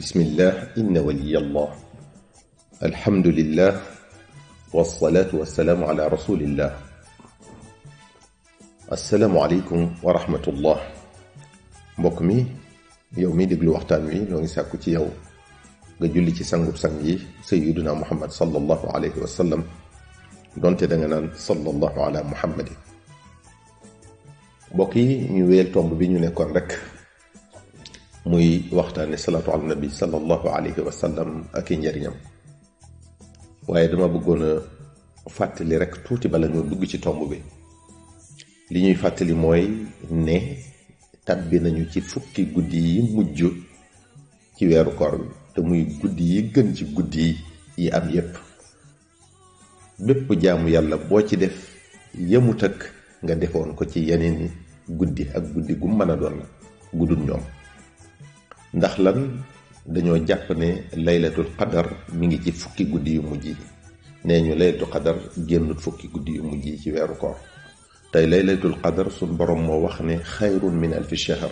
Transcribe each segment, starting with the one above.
بسم الله إن ولي الله الحمد لله والصلاة والسلام على رسول الله السلام عليكم ورحمة الله بكمي يومي دي بلو وقتانوي لوني ساكوتي يو غجولي تي سنغب سنغي سيدنا محمد صلى الله عليه وسلم دونتي دنغنان صلى الله على محمد بكي نويل تومبيني نكون رك muy waxtaane salaatu ala nabi sallallahu alayhi wa sallam ak i njëriñam waaye dama bëggoon fàttali rek tuuti bala nga dugg ci tomb bi li ñuy fàttali mooy ne bi nañu ci fukki guddi yi mujj ci weeru kor bi te muy guddi yi gën ci guddi yi am yépp bépp jaamu yàlla boo ci def yëmu tëkk nga defoon ko ci yeneen guddi ak guddi gu mën a doon guddul ñoom ndax lan dañoo jàpp ne laylatul qadar mu ngi ci fukki guddi yu mujj yi nee ñu laylatul qadar génn fukki guddi yu mujj yi ci weeru koor tey laylatul qadar suñ borom moo wax ne xayrun min alfi shahr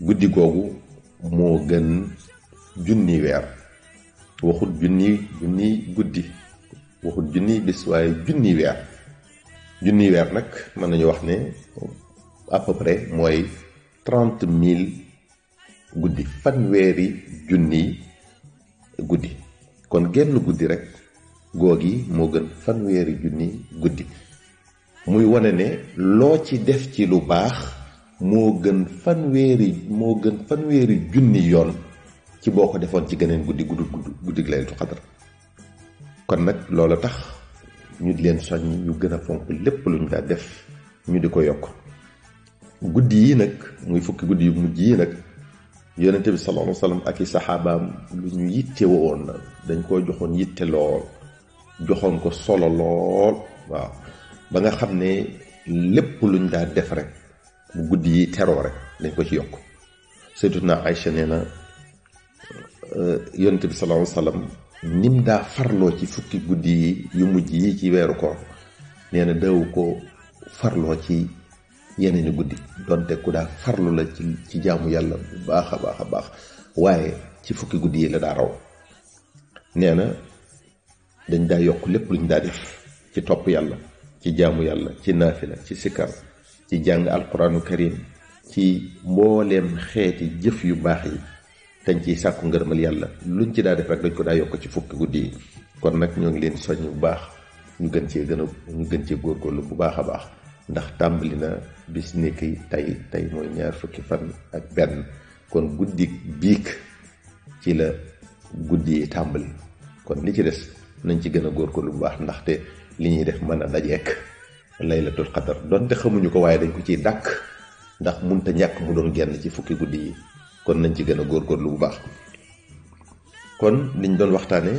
guddi googu moo gën junni weer waxut junni guddi waxut junni bis waaye junni weer junni weer nag mën nañu wax ne à peu près mooy trente mille guddi wéri junni guddi kon genn guddi rek googi moo gën wéri junni guddi muy wane ne lo ci def ci lu baax moo gën fanweeri moo gën wéri junni yoon ci boko defon ci geneen guddi gudd gudd guddi laylatul qadr kon nak loola tax ñu di leen soññ ñu gën a fonk lépp luñ daa def ñu di ko yokk guddi yi nag muy fukki guddi yu mujj yi nag yonente bi sallallahu alayhi ak i saxaabaam lu ñu yitte woon na dañ koo joxoon yitte lool joxoon ko solo lool waaw ba nga xam ne lépp luñ daa def rek bu guddi yi teroo rek dañ ko ci yokk sayyidatuna Aïcha nee na euh, yonente bi sallallahu alayhi wa sallam nim daa farloo ci fukki guddi yu mujj yi ci weeru ko nee na daw ko farloo ci yeneeni guddi donte ku daa farlu la ci ci jaamu yàlla bu baax a baax a baax waaye ci fukki guddi yi la daa raw nee na dañ daa yokk lépp luñ daa def ci topp yàlla ci jaamu yàlla ci naafila ci sikkar ci jàng alquraanu karim ci mbooleem xeeti jëf yu baax yi dañ ciy sàkku ngërëmal yàlla luñ ci daa def rek dañ ko daa yokk ci fukki guddi yi kon nag ñoo ngi leen soññ bu baax ñu gën cee gën a ñu gën cee góorgóorlu bu baax a baax ndax tàmbali na bis tay tay tay tey mooy ñaar fukki fan ak ben kon guddik biik ci la guddi kon li ci dess nañ ci gëna gor ko lu baax ndaxte li ñi def mëna a dajeek laylatul qadar donte xamuñu ko waaye dañ ko ci dak ndax munta ñak mu doon genn ci fukki guddi kon nañ ci gëna gor góorgóorlu lu baax kon niñ doon waxtaane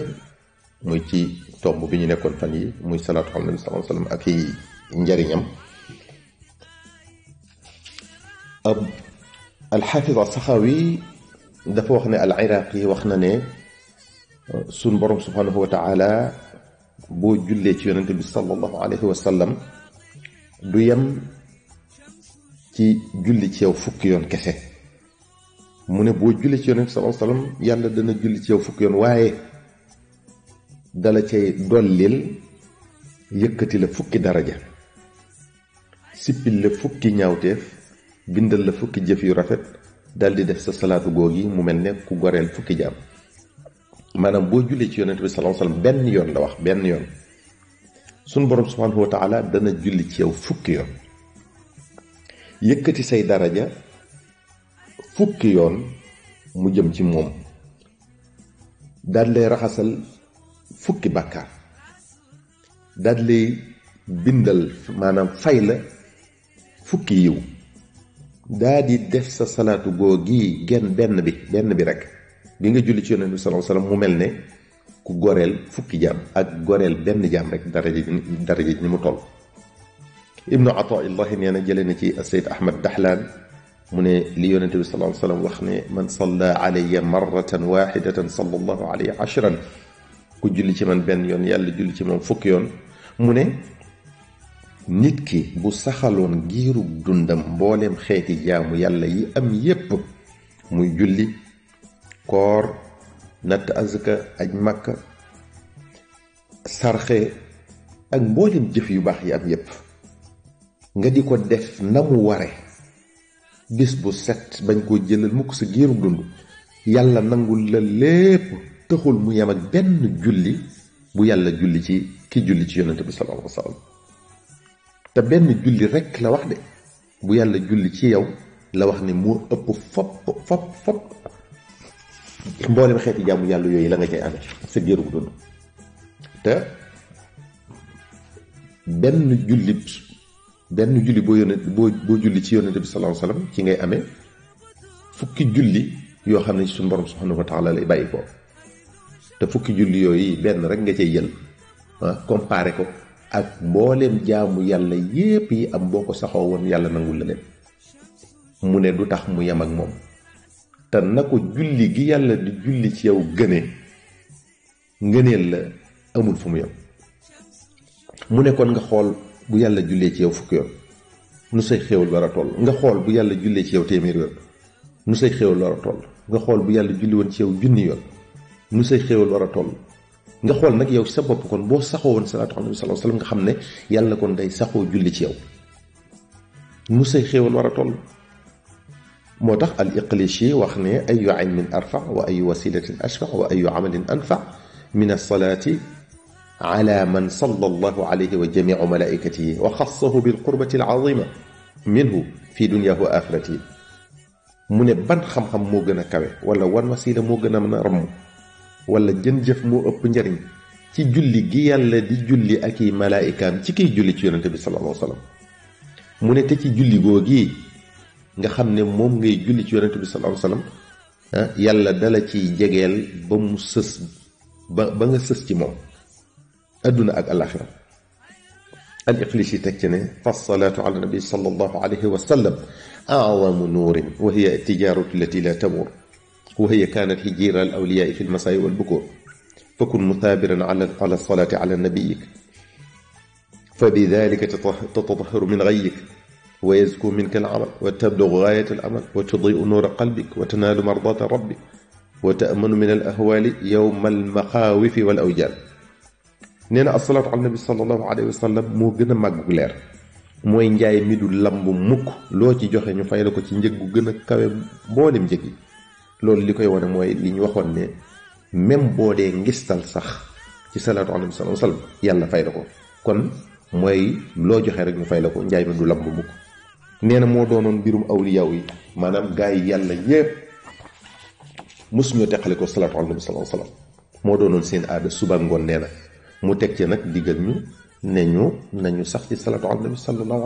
moy ci tombu biñu nekkon fan yi muy salatu ak yi njariñam أب الحافظ السخاوي دفوخنا العراقي وخننا سن بروم سبحانه وتعالى بو جليت يونتبي صلى الله عليه وسلم ديم تي جلي تيو فك يون كسه من بو جليت يونتبي صلى الله عليه وسلم يالا دنا جلي تيو فك يون واي دالا تي دوليل يكتي لفك درجه سيبل لفك نياوتيف bindal la fukki jëf yu rafet dal di def sa salatu googi mu mel ne ku goreel fukki jaam maanaam boo jullee ci yonent bi sallallahu alayhi wasallam benn yoon la wax benn yoon sun borom subhanahu wa taala dana julli ci yow fukki yoon yëkkati say daraja fukki yoon mu jëm ci moom daal lay raxasal fukki bàkkaar daal lay bindal maanaam fay la fukki yiw daa di def sa salaatu goo gii genn benn bi benn bi rek bi nga julli ci yonent bi sallallahu alayhi wasallam mu mel ne ku goreel fukki jaam ak goreel benn jaam rek daraja daraja ji ni mu toll ibnu ataillahi nee na jëlee na ci sayd ahmad dahlaan mu ne li yonent bi sallallahu alayhi wasallam wax ne man salla alayya marratan waxidatan sallallahu alayhi ashran ku julli ci man benn yoon yàlla julli ci moom fukki yoon mu ne nit ki bu saxaloon giirug dundam mbooleem xeeti jaamu yàlla yi am yépp muy julli koor natt azka aj makka sarxe ak mbooleem jëf yu baax yi am yépp nga di ko def na mu ware bis bu set bañ koo jëlal mukk sa giirug dund yàlla nangul la lépp taxul mu yem ak benn julli bu yàlla julli ci ki julli ci yonente bi sallallahu alayhi te benn julli rekk la wax de bu yàlla julli ci yow la wax ne mu ëpp fopp fopp fopp mboolem xeeti jaamu yàlla yooyu la nga cay amee sa jërug dund te benn jullit benn julli boo yónnee boo julli ci yónnente bi sallallahu alayhi ci ngay ame fukki julli yoo xam ne ci suñu borom subhanahu wa taala lay bàyyi ko te fukki julli yooyu benn rek nga cay jël ah comparé ko ak mbooleem jaamu yàlla yépp yi am boo ko saxoo woon yàlla nangul la leen mu ne du tax mu yem ak moom te na ko julli gi yàlla di julli ci yow gënee ngëneel la amul fu mu yem mu nekkoon nga xool bu yàlla jullee ci yow fukki yoon nu say xéewal war a toll nga xool bu yàlla jullee ci yow téeméer yoon nu say nga xool bu yàlla julli woon ci yow junni yoon nu say xéewal war a toll nga xol nak yow sa bop kon bo saxoo woon salaatu ala nabi sallallahu nga xamne yàlla kon day saxo julli ci yow nu say xéewal war toll motax al iqlishi waxne ne ayu min arfa wa ayu wasilatin ashfa wa ayu amal anfa min as salati ala man sallallahu alayhi wa alsalati على من صلى الله عليه وجميع ملائكته وخصه بالقربة العظيمة منه في دنياه ban xam xam mo gëna kawé wala wan wasila mo gëna mëna ram wala jën jëf moo ëpp njariñ ci julli gi yàlla di julli ak i malaayikaam ci kiy julli ci yonente bi sallallahu alayhi wa sallam mu ne te ci julli googi nga xam ne moom ngay julli ci yonente bi sallallahu alayhi wa sallam ah, yàlla dala ci jegeel ba mu sës ba ba nga sës ci moom adduna ak alaxira al iflis yi teg ci ne fa salaatu ala nabi sallallahu alayhi wa sallam awamu nuurin wa hiya tijaaratu lati la tamuur وهي كانت هجير الأولياء في المساء والبكور فكن مثابرا على الصلاة على نبيك فبذلك تتطهر من غيك ويزكو منك العمل وتبلغ غاية الأمل وتضيء نور قلبك وتنال مرضاة ربك وتأمن من الأهوال يوم المخاوف والأوجال نينا الصلاة على النبي صلى الله عليه وسلم مو moo gën a màgg leer mooy njaay mi du lamb mukk loo ci joxe ñu fay la ko ci loolu li koy wane mooy li ñu waxoon ne même boo dee ngistal sax ci salaatu alayhi salaam salaam yàlla fay la ko kon mooy loo joxe rek mu fay la ko njaay ma du lamb mukk nee na moo doonoon mbirum awliyaaw yi maanaam gaa yi yàlla yépp mosuñoo teqale ko salaatu alayhi salaam salaam moo doonoon seen aada suba ngoon nee na mu teg ci nag digal ñu ne ñu nañu sax ci salaatu ala nabi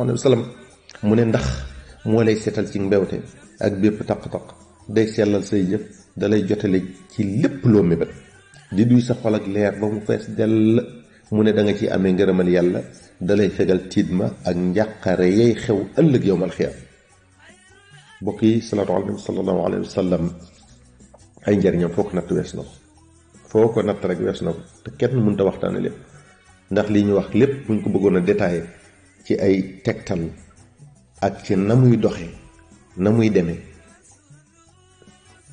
alayhi wa sallam mu ne ndax moo lay setal ci mbewte ak bépp taq-taq day sellal say jëf dalay jotale ci lépp loo mébét di duy sa xol ak leer ba mu fees dell mu ne da nga ci amee ngërëmal yàlla dalay fegal tiidma ak njàqare yay xew ëllëg yowmal xiyaam mbokk yi salaatu ala nabi sallallahu alayhi wa sallam ay njariñam foo ko natt wees na ko foo ko natt rek wees na ko te kenn mënta waxtaane lépp ndax li ñu wax lépp buñ ko bëggoon a détaillé ci ay tegtal ak ci na muy doxe na muy demee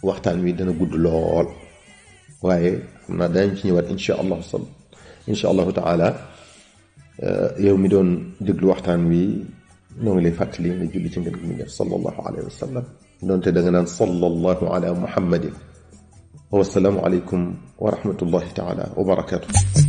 waxtaan wi dana gudd lool waaye xam naa danañ ci ñëwaat insha allahu sal insha allahu taala yow mi doon déglu waxtaan wi noo ngi lay fàttali nga julli ci ngeen gi mu def sallallahu alayhi wa sallam donte da nga naan sallallahu ala muhammadin wa wasalaamu alaykum wa rahmatullahi taala wa barakatuh